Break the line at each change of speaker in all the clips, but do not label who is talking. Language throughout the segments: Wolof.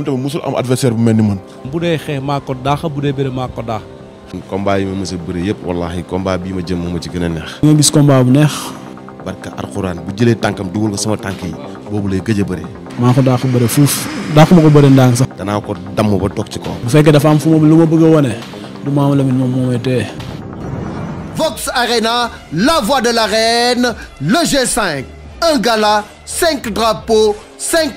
moom tamit mosul am adversaire bu mel ni man. bu dee xeex maa ko daax bu dee bëre maa ko daax. combat yi ma mës a bëri yëpp wallaahi combat bii ma jëm moo ma ci gën a neex. nga gis combat bu neex. barka alxuraan bu jëlee tànkam dugal ko sama tànk yi boobu lay gëj a bëri. maa ko daax bëri fuuf daax ko bëri ndànk sax. danaa ko damm ba toog ci kaw. bu fekkee dafa am fu mu lu ma bëgg a du ma am la voix de l'arène le G5 un gala cinq drapeaux cinq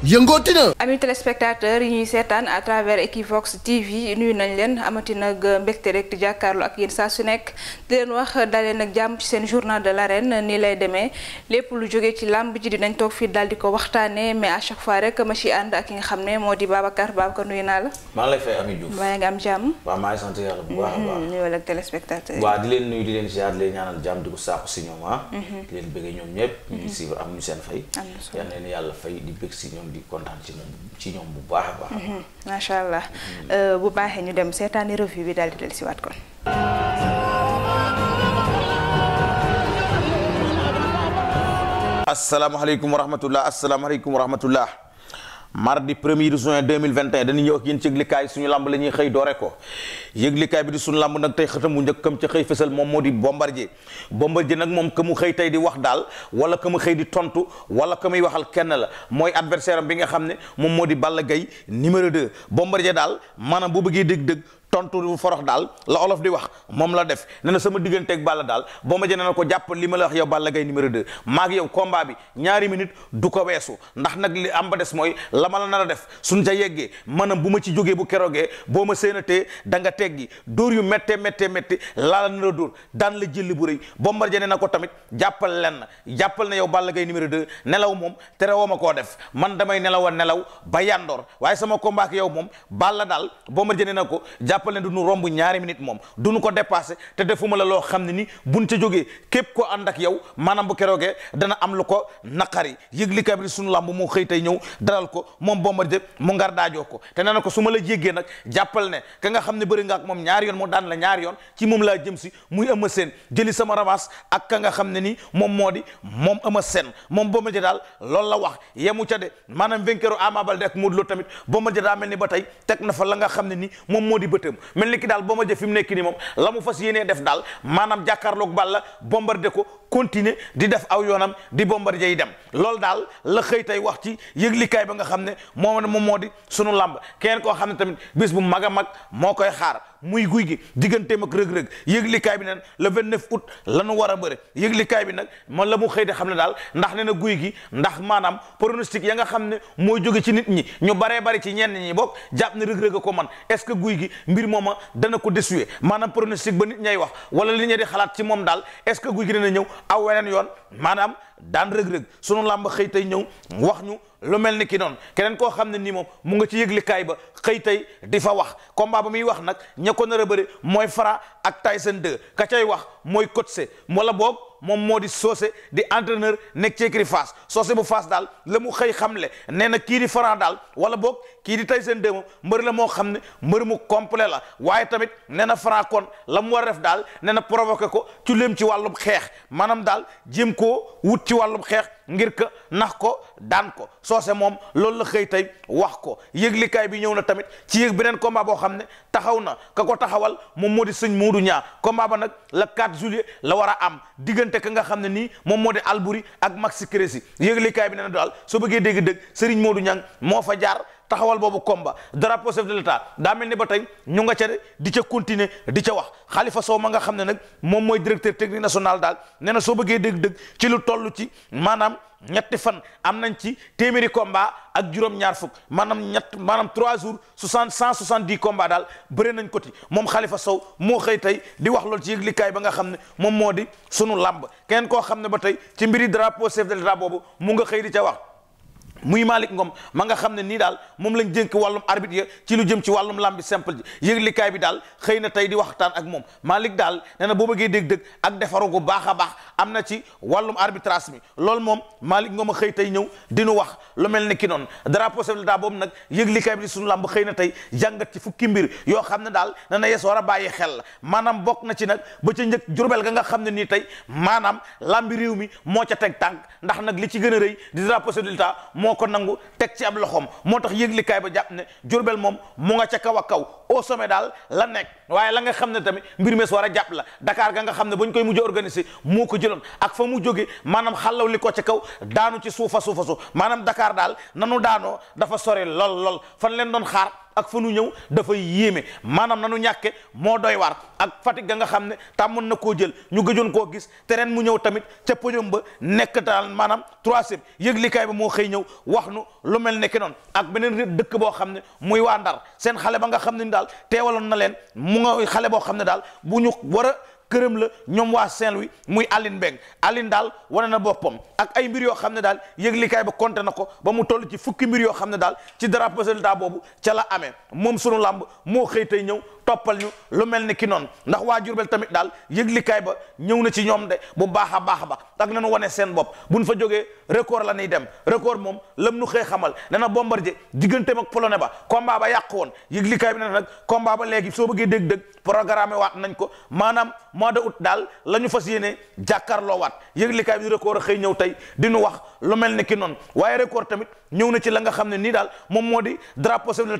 yëngooti na.
ami téléspectateur yi ñuy seetaan à travers Equivox TV nuyu nañ leen amati nag mbégte rek di jàkkaarloo ak yéen saa su nekk di leen wax dalee nag jàmm ci seen journal de la l'arène nii lay demee lépp lu jóge ci làmb ji dinañ toog fii daal di ko waxtaane mais à chaque fois rek ma ci ànd ak ki nga xam ne moo di Babacar Babacar nuyu naa la.
maa ngi lay fay Ami Diouf maa ngi am jàmm. waaw maa ngi sant yàlla bu baax a baax. Mm-hmm. nuyuwal ak téléspectateur yi. waaw di leen nuyu di leen ziar yàlla fay itam di bu baax a
mhm, macha allah euh, bu baaxee ñu dem seetaani revue bi daal di dellu si waat kon.
asalaamaaleykum wa rahmatulah asalaamaaleykum wa rahmatulah. mardi 1er juin 2021 dañu ñëw ak yéen ci yëglikaay suñu lamb la ñuy xëy doore ko yëglikaay bi di suñu lamb nag tey xëtam mu njëkkam ca xëy fësal moom moo di bombardier bombardier nag moom ka xëy tey di wax daal wala ka mu xëy di tontu wala ka muy waxal kenn la mooy adversaire am bi nga xam ne moom moo di Balla Gaye numéro 2 bombardier daal maanaam bu bëggee dëgg-dëgg tontu bu forox daal la olof di wax moom la def ne na sama digganteeg Balla daal boo ma na ko jàpp li ma la wax yow Balla Gaye numéro 2 du ko weesu ndax nag am ba des mooy la ma la nar a def suñ ca yeggee maanaam bu ma ci jógee bu kerogee boo ma séenatee da nga teggi dóor yu méttee méttee métti laa la nar a dóor daan la jëlli bu rëy Bombardier ne na ko tamit jàppal lenn jàppal na yow Balla Gaye nelaw moom terewoo ma koo def man damay nelaw a nelaw ba yandoor waaye sama combat ak moom Balla daal Bombardier ne na ko jàppal ne du ñu romb ñaari minute moom du ñu ko la loo xam ne ni buñ ca jógee képp koo ànd ak yow dana am lu ko naqari yëglikaay bi sunu làmb moo xëy tey ñëw dalal ko moom Bombardier mu ko su ma la jéggee nag jàppal ne ka nga xam ne bëri nga moom ñaari yoon moo daan la ñaari yoon ci moom laa jëm si muy Eumeu Sène jëli sama revanche ak ka nga xam ne ni moom moo di moom ama Sène moom Bombardier daal lool la wax yemu ca de maanaam vainqueur Ama Baldé ak Modou Lô tamit Bombardier daa mel ni ba tey teg na fa la nga xam ne ni moom moo di bëte tànkam mel ni ki daal boo jëf mu nekk nii moom la mu fas yéenee def daal maanaam jàkkaarloog Balla bombarde ko continuer di def aw yoonam di bombarde yi dem loolu daal la xëy tey wax ci yëglikaay ba nga xam ne moom moom moo di sunu làmb keneen koo xam ne tamit bis bu mag a mag moo koy xaar muy guy gi digganteem ak rëg-rëg yëglikaay bi nag le 29 août la nu war a bëre yëglikaay bi nag man la mu xëy te xam ne daal ndax nee na guy gi ndax maanaam pronostic ya nga xam ne mooy jóge ci nit ñi ñu baree bari ci ñenn ñi bokk jàpp ne rëg-rëg a ko man est guy gi mbir mooma dana ko desuye maanaam pronostic ba nit ñay wax wala li ñuy di xalaat ci moom daal est que guy gi dina ñëw aw weneen yoon maanaam daan rëg-rëg sunu làmb xëy tey ñëw wax ñu lu mel ni ki noonu keneen koo xam ne nii moom mu nga ci yëglikaay ba xëy tey di fa wax combat ba muy wax nag ña ko nar a bëri mooy Fra ak seen 2 ka cay wax mooy se wala boog moom moo di soose di entraîneur nekk ci écurie Fass soose bu Fass daal la mu xëy xamle nee na kii di Fra daal wala boog kii di Tyson 2 moom mbër la moo xam ne mbër mu complet la waaye tamit nee na Fra kon la mu war a def daal nee na provoqué ko ci léem ci wàllum xeex ci wàllum xeex ngir ka nax ko daan ko soo soose moom loolu la xëy tey wax ko yëglikaay bi ñëw na tamit ci yëg beneen combat boo xam ne taxaw na ka ko taxawal moom moo di sëñ Moodu ñaa combat ba nag le 4 juillet la war a am diggante nga xam ne nii moom moo di Albouri ak Maxi Crési yëglikaay bi nee na daal soo bëggee dégg-dëgg Serigne Moodu Ñang moo fa jaar taxawal boobu combat drapeau de l'état daa mel ni ba tey ñu nga ca di ca continuer di ca wax Khalifa Sow ma nga xam ne nag moom mooy directeur technique national daal nee soo bëggee dégg-dëgg ci lu tollu ci maanaam ñetti fan am nañ ci téeméeri combat ak juróom-ñaar fukk maanaam ñett maanaam trois jours soixante cent soixante dix combat daal bëri nañ ko ci moom Khalifa Sow moo xëy tey di wax loolu ci yëglikaay ba nga xam ne moom moo di sunu làmb kenn koo xam ne ba tey ci mbiri drapeau chef de l'État boobu mu nga xëy di ca wax muy Malick Ngom ma nga xam ne nii daal moom lañ jënk wàllum arbitre ya ci lu jëm ci wàllum lambi simple ji yëglikaay bi daal xëy na tey di waxtaan ak moom Malick daal nee na boo bëggee dégg-dëgg ak defaru gu baax a baax am na ci wàllum arbitrage mi loolu moom Malick Ngom a xëy tey ñëw dinu wax lu mel ni ki noon drapeau chef boobu nag yëglikaay bi di suñu làmb xëy na tey jàngat ci fukki mbir yoo xam ne daal nee na yees war a bàyyi xel la maanaam bokk na ci nag ba ca njëkk jurbel ga nga xam ne nii tey maanaam lambi réew mi moo ca teg tànk ndax nag li ci gën a rëy moo ko nangu teg ci ab loxoom moo tax yëglikaay ba jàpp ne Jurbel moom mu nga ca kaw a kaw au sommet daal la nekk waaye la nga xam ne tamit mbir mees war a jàpp la dakaar ga nga xam ne ba ñu koy mujj organiser moo ko jëloon ak fa mu jóge maanaam xalaw li ko ca kaw daanu ci suufa suufa suuf maanaam dakaar daal nanu daanoo dafa sori lool lool fan leen doon xaar ak fa nu ñëw dafay yéeme maanaam nanu ñàkke moo doy waar ak Fatick ga nga xam ne tàmmoon na koo jël ñu gëjoon koo gis te mu ñëw tamit ca podium ba nekk daal maanaam trois troisième yëglikaay ba moo xëy ñëw wax nu lu mel ne ke ak beneen dëkk boo xam ne muy waa Ndar seen xale ba nga xam ne ni daal teewaloon na leen mu nga xale boo xam ne daal bu ñu war këram la ñoom waa Saint-Louis muy Aline Mbeng Aline daal wane na boppam ak ay mbir yoo xam ne daal yëglikaay ba compté na ko ba mu toll ci fukki mbir yoo xam ne daal ci dara résultat boobu ca la amee moom sunu làmb moo xëy tey ñëw toppal ñu lu mel ni ki noonu ndax waa Jurbel tamit daal yëglikaay ba ñëw na ci ñoom de bu baax a baax ba ak nañu wane seen bopp buñ fa jógee record la ñuy dem record moom lam nu xëy xamal ne na Bombardier digganteem ak polone ba combat ba yàq woon yëglikaay bi ne nag combat ba léegi soo bëggee dégg-dégg programme waat nañ ko maanaam mois de août daal la ñu fas yéene jàkkaarloo waat yëglikaay bi record xëy ñëw tey di wax lu ni ki noonu ñëw na ci la nga xam ne nii daal moom moo di drapeau chef de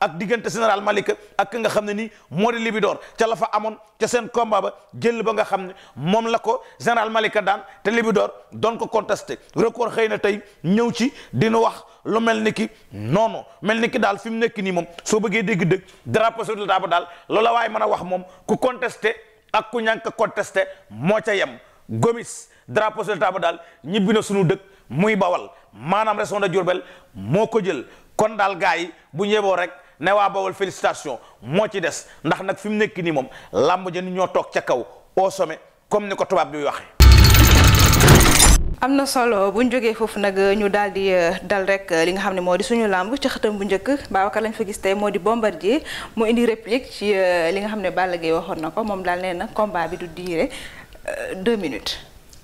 ak diggante général Malick ak nga xam ne nii moo di Libidor ca la fa amoon ca seen combat ba jël ba nga xam ne moom la ko général malika daan te Libidor doon ko contesté record xëy na tey ñëw ci dina wax lu mel ni ki non mel ni ki daal fi mu nekk nii moom soo bëggee dégg-dëgg drapeau chef de l'État ba daal loola waaye mën a wax moom ku contesté ak ku ñànk contesté moo ca yem Gomis drapeau daal ñibbi na sunu dëkk muy bawal maanaam région de Diourbel moo ko jël kon daal gars yi bu ñëwoo rek ne waa Bawol félicitation moo ci des ndax nag fi mu nekk nii moom làmb ja ni ñoo toog ca kaw au sommet comme ni ko tubaab bi wax
am na solo buñ jógee foofu nag euh, ñu daal di euh, dal rek euh, li nga xam ne moo di suñu làmb ci xëtam bu njëkk Babacar lañ fa gis tey moo di Bombardier mu indi réplique ci li nga xam ne Balla Gaye waxoon na ko moom daal nee na combat bi du diire deux minutes.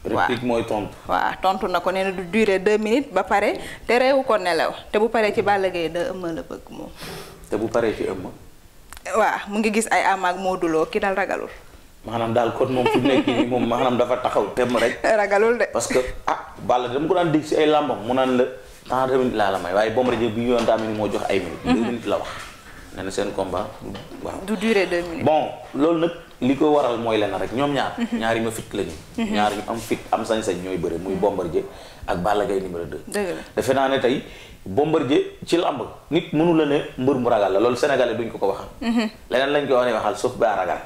réplique mooy tontu.
waaw tontu na ko nee na du durer deux minutes ba pare te réewu ko nelaw te bu paree ci Balla Gaye da ëmma la te waaw mu ngi gis ay amaak mooduloo ki dal ragalul.
maanaam daal kon moom fi mu nekk nii moom maanaam dafa taxaw temm rek. ragalul de. parce que ah Balla dama ko daan dégg si ay làmbam mu naan la temps deux minutes laa la may waaye Bombardier bi yoon daa mel moo jox ay minutes. Mhm. deux minutes la wax. nee na seen combat waaw. du
durer deux minutes.
bon loolu nag. li ko waral mooy lenn rek ñoom ñaar mhm. ñaari ma fit la ñu mhm. ñaar ñu am fit am sañ-sañ ñooy bëre muy mhm. Bombardier ak Balla Gaye numéro 2 defe naa ne tey Bombardier ci làmb nit mënu la ne mbër mu ragal la loolu sénégalais duñ ko ko waxal leneen lañ koy wax ne waxal sauf ba ragal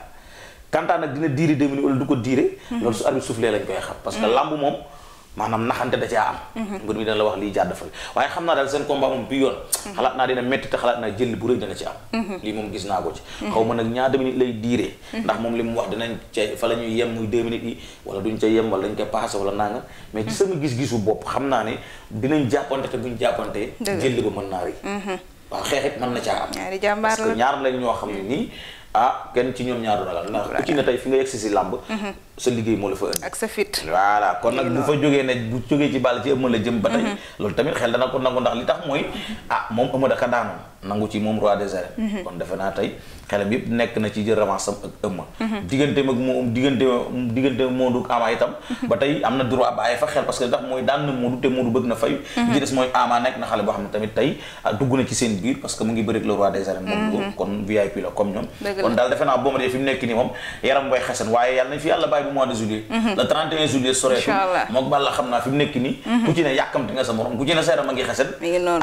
kantaan nag dina diire deux minutes wala du ko diire loolu su arbitre soufflé lañ koy xam parce làmb moom maanaam naxante da caa am mhm. mbir mi dana la wax lii jàdd fa waaye xam naa daal seen combat moom bi yoon mhm. xalaat naa dina métti te xalaat naa jël bu rëy dana ci am mhm. lii moom gis naa ko ci ma nag ñaata minutes lay diiree ndax moom li mu wax dinañ ca fa la ñuy yem muy deux minutes yi wala duñ ca yem wala dañ koy passé wala nanga mais ci sama gis-gisu bopp xam naa ne dinañ jàppante te buñ jàppante jël ba mën naa rëy waaw xeexit mën na caa
am parce que ñaar
ñoo xam ne nii ah, kenn ci ñoom ñaar du ragal ndax ku ci ne tey fi nga yegsi si làmb sa liggéey moo la fa indi. ak sa fit voilà kon nag bu fa jógee ne bu jógee ci bàll ci ëmma la jëm. ba tey mhm. loolu tamit xel dana ko nangu ndax li tax mooy ah moom ëmma daka daanoon nangu ci moom roi des arènes. Mhm. kon defe naa tey xelam yëpp nekk na ci jël revanche am ak bëgg na fayu. Mhm. li mooy Ama nekk na xale boo xam ne tamit tey ah, dugg na ci seen biir parce que mu ngi bëri ak le roi des arènes. moom kon VIP la comme ñoom. kon daal defe naa boo dee fi nekk nii moom yaram bay xasan waaye bu mois de juillet mhm. le 31 juillet soreetu mook bàlla xam naa fi mu nekk nii mhm. ku ci ne yàkkamti nga sa morom ku ci ne sa a ngi xasan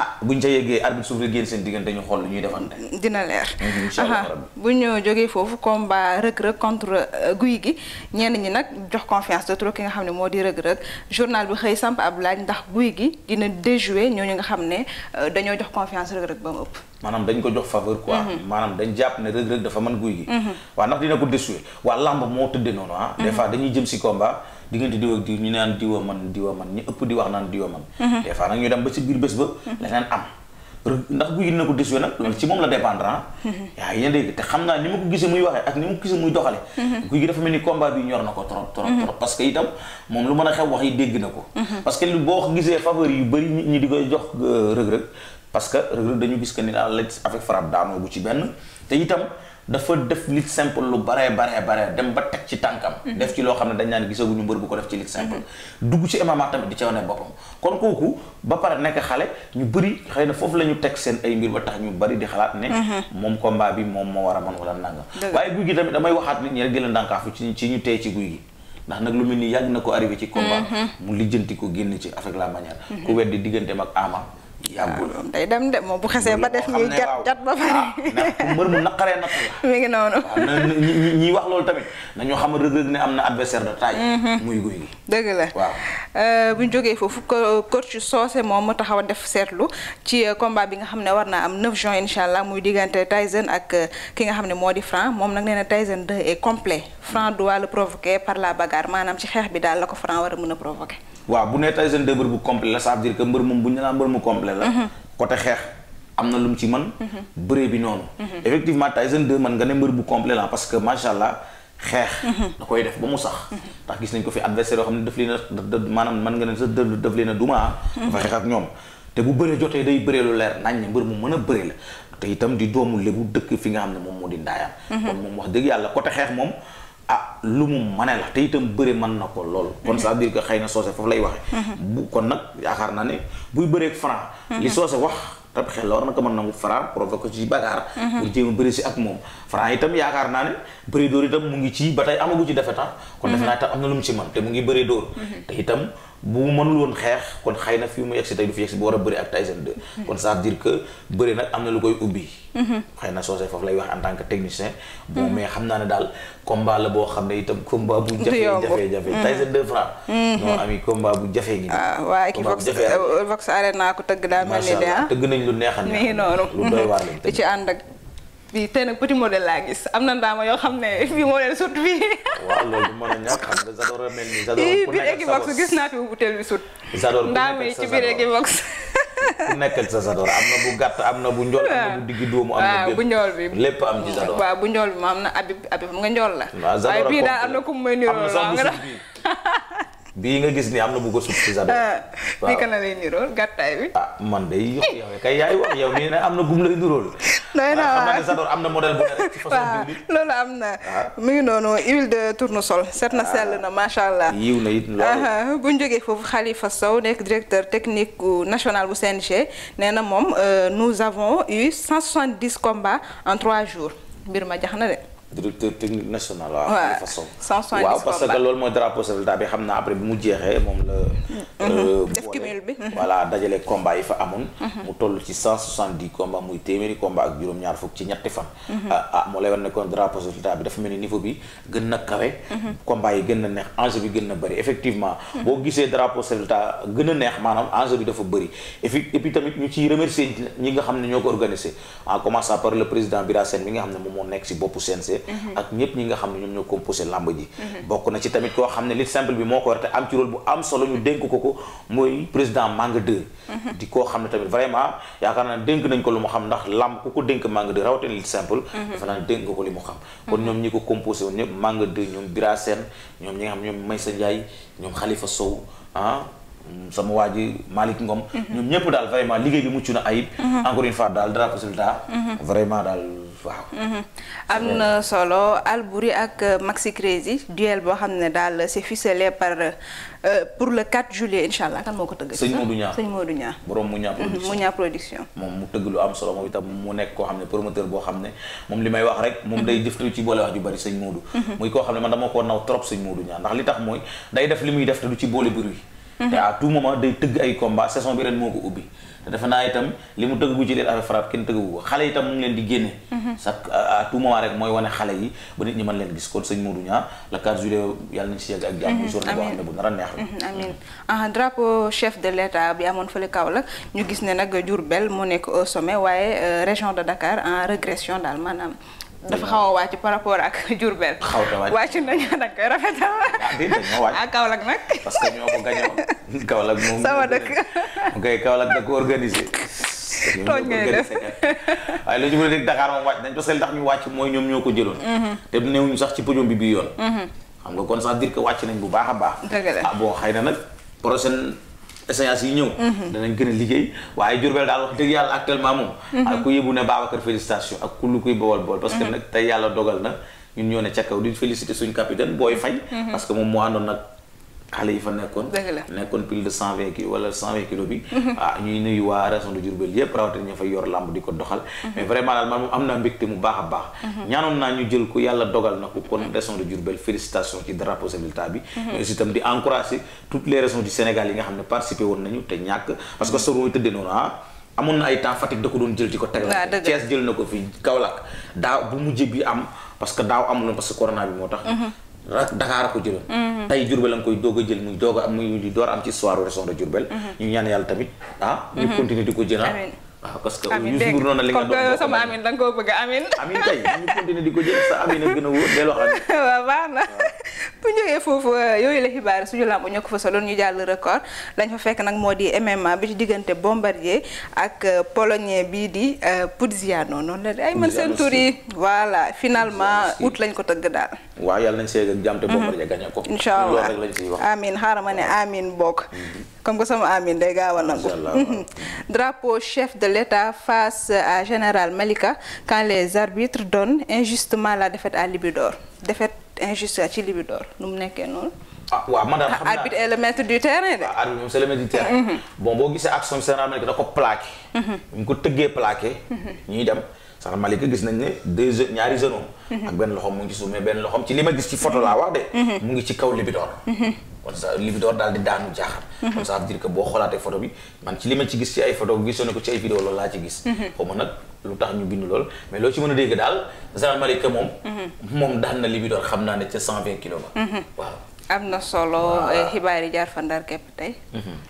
ah buñ ca yeggee arbitre suuf génn seen diggante ñu xool ñuy defante dina leer mhm,
bu ñu jógee foofu combat rëg-rëg contre euh, guy gi ñenn ñi nag jox confiance de trop ki nga xam ne moo di rëg-rëg journal bi xëy samp ab laaj ndax guy gi dina déjouer ñooñu nga xam ne euh, dañoo jox confiance rëg-rëg ba ëpp
maanaam dañ ko jox faveur quoi mhm. maanaam dañ jàpp ne Reug Reug dafa mën guy gi mhm. waaw ndax dina ko déchouer waa lamb moo tëdde noonu ah des mhm. dañuy jëm si combat diggante diw ak diw ñu naan diwa man diwa man ñu ëpp di wax naan diwa man des nag ñu dem ba ci biir bés ba leneen am ndax guy gi dina ko déchouer nag loolu ci moom la dépendre ah yaa dégg te xam naa ni ma ko gisee muy waxee ak ni ma ko gisee muy doxale guy gi dafa mel ni combat bi ñor na ko trop trop trop parce que itam moom lu mën a xew wax yi parce que Reug Reug dañu gis que ni daal la avec frappe daanoo ci benn te itam dafa def lit simple lu baree bare baree dem ba teg ci tànkam. Mhm. def ci loo xam ne dañ naan gisaguñu mbër bu ko def ci lit simple. Mhm. dugg ci MMA tamit di ca wane boppam. kon kooku ba pare nekk xale ñu bëri xëy na foofu la ñu teg seen ay mbir ba tax ñu bari di xalaat ne. Mhm. moom combat bi moom moo war a mën wala nangam. waaye guy gi tamit damay waxaat nit ñi rek di leen dànkaafu ci ci ñu tey ci guy ni yàgg na ko arrivé ci combat. mu lijjanti génn ci avec la manière. ku weddi digganteem Ama. yàggul ah, day dem de moom bu xesee ba def ñuy jat
jat ba pare. Ah,
ndax mbër mu naqaree
natt la. mi ngi noonu.
Ah, ñi ñi wax loolu tamit nañoo xam Reug Reug ne am na adversaire de taille. Mhm. muy guy gi.
dëgg la waaw. Euh, bu ñu jógee foofu coach Socé moom mu taxaw def seetlu ci euh, combat bi nga xam ne war naa am 9 juin incha allah muy diggante Tyson ak euh, ki nga xam ne moo di Franc moom nag nee na Tyson 2 est complet Franc doit le par la bagarre maanaam ci xeex bi daal la ko Franc war a mën a provoquer.
waaw bu nee Tyson 2 mbër bu complet la ça veut dire que mbër moom bu ñu naan mbër mu complet la. Mhm. côté xeex am na lu mu ci mën. Mhm. bëree bi noonu. Mhm. effectivement Tyson 2 man nga ne mbër bu complet la parce que macha allah xeex. da koy def ba mu sax. ndax gis nañ ko fi adversaire yoo xam ne daf leen a maanaam man nga ne sa daf leen a duma. Ah. dafa xeex ak ñoom te bu bëree jotee day bëree lu leer nañ mbër mu mën a bëree la te itam di doomu lébu dëkk fi nga xam ne moom moo di ndaayam. kon moom wax dëgg yàlla côté xeex moom. a ah, lu mu mën la te itam bëre mën na ko lool. kon ça veut dire que xëy na soose foofu lay waxee. Mhm. bu kon nag yaakaar naa ne buy bëreeg franc. li mhm. soose wax. rab xel la war na ko a nangu franc provoqué ci bagaar. Mhm. pour jéem a bëri si ak moom. Franc itam yaakaar naa ne bëri dóor itam mu ngi ci ba tey amagu ci defe tax ah. kon defe naa am na lu mu ci man te mu ngi bëri dóor mhm. te itam bu mu xeex kon xëy na fii mu yegsi tey du fi yegsi bu war a bëri ak Tyson 2 mhm. kon ça na lu koy mhm. la boo xam ne itam combat bu jafee jafee jafe Tyson 2 Franc non ami combat bu jafee ngi waaw waa Equivox
Vox Arena ko tëgg daa mel ni de ah. tëgg
nañ lu neexal lu doy waar lañ
ci ànd ak bi tey nag petit modèle laa gis am na ndaama yoo xam ne fii moo leen sut fii.
waaw loolu mën na ñàkk xam nga Zador naa fi
bu butéel bi sut.
Zador ndaama yi ci biir Equivox. sa Zador am na bu gàtt am na bu njool am na bu diggi doomu. am na bu njool bi lépp am ci Zador. waaw
bu njool bi ma am na Abib Abib nga la. waaye bii daal am na ku mu may niroo la nga
bii nga gis ni am na bu ko sub si sa doom. Ah,
waaw naka la lay nirool gàttaay bi. Ah,
man de yow kay yaay wax yow nii am na gum lay nirool.
na waaw ah,
xam na modèle bu ne rek
ci loolu am na mu ngi noonu huile de tournesol set na sell na macha
allah. yiw na it loolu.
bu ñu jógee foofu Khalifa Sow nekk directeur technique national bu CNG nee na moom euh, nous avons eu 170 combats en 3 jours mbir ma jax na de.
directeur technique national. waaw ah, ouais. de façon waaw parce que loolu mooy drapeau soldat bi xam naa après bi mu jeexee moom la. Mm-hmm. Euh, mm-hmm. def
cumul bi voilà
dajale combat yi fa amoon. Mm-hmm. mu toll ci cent soixante dix combat muy téeméeri combat ak juróom-ñaar fukk ci ñetti fan. moo ah, ah, lay wan ne kon drapeau soldat bi dafa mel niveau bi gën na kawe. combat yi gën na neex enjeu bi gën na bëri effectivement. boo gisee drapeau soldat gën a neex maanaam enjeu bi dafa bëri et tamit ñu ciy remercier ñi nga Cissé mhm. ak ñëpp ñi nga xam ne ñoom ñoo composé lamb ji mhm. bokk na ci tamit koo xam ne lit simple bi moo ko war te am ci rôle bu am solo ñu dénk ko ko mooy président Manga 2 mhm. di koo xam ne tamit vraiment yaakaar naa dénk nañ ko lu mu xam ndax lamb ku ko dénk Manga 2 rawatina de simple dafa dénk ko li mu xam kon ñoom ñi ko composé woon ñëpp Manga 2 ñoom Bira Sène ñoom ñi nga xam ñoom Maysa Ndiaye ñoom Khalifa Sow ah sama waa ji Ngom ñoom ñëpp daal vraiment liggéey bi mucc na ayib encore une fois daal waaw.
Mhm. am na solo Albouri ak euh, Maxi Crazy duel boo xam ne daal c'est ficelé par euh, pour le 4 juillet incha allah kan moo ko tëgg. sëñ Modou Niang sëñ Modou
mhm, moom mu tëgg lu am nekk koo xam ne promoteur boo xam ne moom li may wax rek. moom day mhm. def ci boole wax ju bari sëñ Modou. muy koo xam ne man dama ko naw trop sëñ Modou Niang ndax li tax mooy day def li muy def te du ci boole bruit. te à tout moment day tëgg ay combat saison bi ren moo ko ubbi. te defe naa itam li mu tëggu bu leen affaire frappe kenn tëggu ko xale itam mu ngi leen di génne mhm. sa à tout moment rek mooy wane xale yi ba nit ñi mën leen gis kon sëñ Modou Niang le 4 juillet yàlla nañ ci yegg ak jàmm mhm. journée boo xam ne bu nar neex mhm.
amiin ah, drapeau chef de l'état bi amoon fële Kaolack ñu gis ne nag jur bel mu nekk au sommet waaye euh, région de Dakar en régression daal maanaam dafa xaw a wàcc par rapport ak
Diourbel. xaw a wàcc wàcc
nañu nag koy rafetal. ah
déedéet ñoo wàcc ah Kaolack nag. parce que ñoo ko gañe woon Kaolack sama dëkk mu koy da ko organisé. tooñ ngay def waaye lu ñu mën a dégg Dakar moom wàcc nañ parce que li tax ñu wàcc mooy ñoom ñoo ko jëloon. Mhm. te newuñu sax ci podium bi bii yoon. Mhm. xam nga kon ça veut wàcc nañ bu baax a baax. ah bon xëy na nag prochaine. essayance yi ñëw mhm. danañ gën a liggéey waaye Diourbel daal wax dëgg yàlla actuellement moom mhm. ak ku yëbu ne Babacar félicitation ak ku lu kuy bowal bool parce que mhm. nag tey yàlla dogal na ñun ñoo ne ca kaw di féliciter suñu capitaine Boy Faye parce que moom moo àndoon nag xale yi fa nekkoon nekkoon pile de cent vingt kilos wala cent vingt kilos bi mhm. ah ñuy nuyu waa région de Diourbel yépp rawatina ñu fa yor làmb di ko doxal mhm. mais vraiment daal man moom am naa mbégte mu baax a baax mhm. ñaanoon naa ñu jël ko yàlla dogal na ko kon région de Diourbel félicitations ci drapeau résultat bi mais aussi yi xam ne participé woon nañu te que sor ah, ko doon jël di ko tegal Thiès jël na ko fii daaw bu mujj bi am parce que daaw amuloon parce que corona bi moo tax Dakar a ko jëloon mhm. tey Diourbel la nga koy doog a jël muy doog a muy di door am ci soir région de mhm. ñu ñaan yàlla tamit ah ñu mhm. continuer di ko jël waaw ah. ah, parce que Youssou Ndour noonu li nga doon sama amin
da koo bëgg amin
amin tey ñu continuer di ko jël sa amin a gën a wóor delloo amin
waaw baax na bu jógee foofu euh, yooyu la xibaar suñu làmb ñoo ko fa soloon ñu jàll record lañ fa fekk nag moo di MMA bi ci diggante Bombardier ak euh, polonais bii di euh, Pudziano noonu la de ay man finalement août lañ ko tëgg daal
waaw yàlla nañ seeg ak jàmm te Bombardier mm-hmm. gañe ko incha allah loolu
xaaral ma ne amiin bokk mm-hmm. comme que sama amiin day gaaw a nangu drapeau chef de l'état face à général Malika quand les arbitres donnent injustement la défaite à Libidor défaite injustice ci Libidor nu mu nekkee noonu.
ah waaw man daal xam naa arbitre
est du terrain de. ah
arbitre du terrain. Mm-hmm. bon boo gisee action générale Malika da ko plaqué. ñu mm-hmm. ko tëggee plaqué. Mm-hmm. ñuy dem sax Malika gis nañ ne deux jeunes ñaari jeunes ak benn loxoom mu ngi suuf mais benn loxoom ci li ma gis ci photo laa wax de. mu ngi ci kaw Libidor. kon ça li fi door daal di daanu jaaxal. Mhm. kon ça veut dire que boo xoolaatee photo bi man ci li ma ci gis ci ay photo gisoon na ko ci ay vidéo loolu laa ci gis. Mhm. loo a dégg daal gendarmerie que moom. Mhm. moom daan na li bi door xam naa ne ca cent vingt kilos waaw. am na solo eh,
xibaar yi jaar fa ndar képp tey.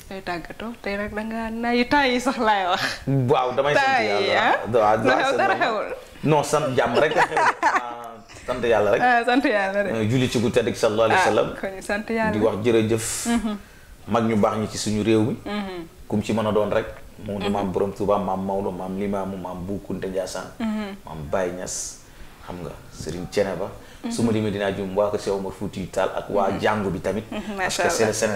day tàggatoo tey nag da nga nay temps yi sax laay wax.
waaw damay sant a temps a ah. dara xewul non sant a rek. sant yàlla rek ah,
sant yàlla rek.
julli ci gu tedd gi sallallahu alayhi wa ah, sallam.
kon sant yàlla di wax
jërëjëf. Mm-hmm. mag ñu baax ñi ci suñu réew mi. Mm-hmm. kum ci mën a doon rek. mu ne mm-hmm. maam borom Touba maam Maodo maam Limaamu maam Bou Kounta Ndiassane. maam Baye Niass xam nga Serigne Thiénaba. su ma limee dinaa jum waa ko Cheikh Omar Foutiyou Tall ak waa jàngu bi tamit.
parce que c'est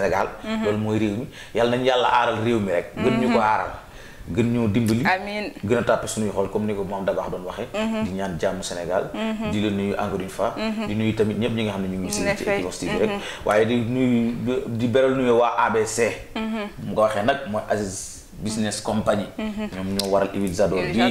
loolu mooy réew mi yàlla nañu yàlla aaral réew mi rek. gën ñu ko aaral. gën ñoo dimbali. amiin gën a tàppe suñuy xol comme ni ko moom Dabax doon waxee. Mhm. di ñaan jàmm Sénégal. Mhm. di la nuyu encore une fois. Mhm. di nuyu tamit ñëpp ñi nga xam ne ñu ngi si ci Equivox TV rek. waaye di nuyu di beral nuyu waa ABC. mu ko waxee nag mooy Aziz. business compagnie. Mm-hmm. ñoom ñoo waral Ibil Zador bi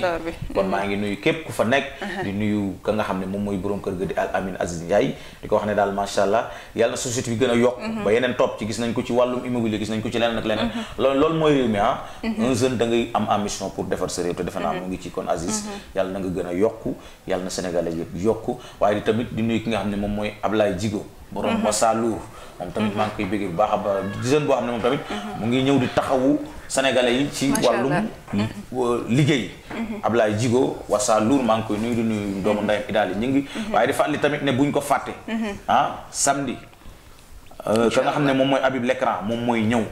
kon maa ngi nuyu képp ku fa nekk. Mm-hmm. di nuyu ka nga xam ne moom mooy borom kër ga di Al Amin Aziz Ndiaye di ko wax ne daal macha allah yàlla na société bi gën a yokk. Mm-hmm. ba yeneen topp ci gis nañ ko ci wàllum immobilier gis nañ ko ci leneen ak leneen. loolu mooy réew mi ah. un jeune da ngay am ambition pour defar sa réew te defe naa mu ngi ci kon Aziz. yàlla na nga gën a yokk yàlla na Sénégalais yëpp yokk waaye tamit nuyu ki nga xam ne moom mooy Ablaye Jigo. borom Wasaluur moom tamit maa ngi koy baax a baax jeune boo xam ne moom tamit mu ngi ñëw taxawu sénégalais yi ci wàllum hmm, mm-hmm. liggéey mm-hmm. Ablaye Djigo Wassa Lour maa ngi koy nuyu du nuyu mm-hmm. doomu ndayam daal ñu ngi waaye di fàttali tamit ne buñ ko fàtte ah samedi euh, ka nga xam ne moom mooy Habib Lecran moom mooy ñëw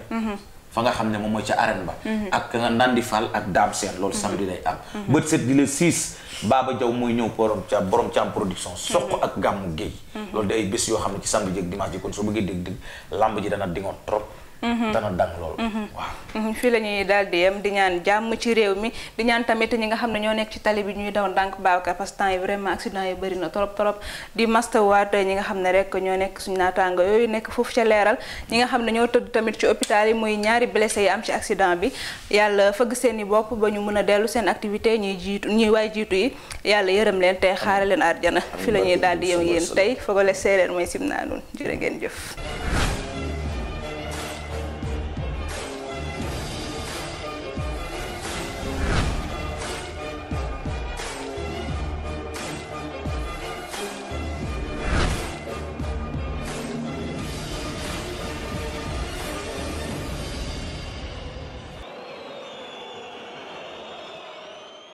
fa nga xam ne moom mooy ca arène ba ak Nandi Fall ak Dame Sène loolu samedi lay am bët set di le 6 Baba Jaw mooy ñëw borom ca borom ca am production soq ak gàmmu géey loolu day bés yoo xam ne ci samedi jëg dimanche ji kon soo bëggee dégg ji dana dingoon trop Mm-hmm. dana dang lool.
Mm-hmm. Mm-hmm. fii la ñuy daal di yem di ñaan jàmm ci réew mi di ñaan tamit ñi nga xam ne ñoo nekk ci tali bi ñuy daw ndànk baaka parce que temps yi vraiment accident yi bëri na trop trop di mastawaat ñi nga xam ne rek ñoo nekk suñu naataango yooyu nekk foofu ca leeral ñi nga xam ne ñoo tëdd tamit ci hôpital yi muy ñaari blessé yi am ci accident bi yàlla fëgg seen i bopp ba ñu mën a dellu seen activité ñuy jiitu ñuy waaye jiitu yi yàlla yërëm leen tey xaare leen arjana fi la ñuy daal di yem yéen tey fogole séeréer mooy simnaa nun jërë ngeen jëf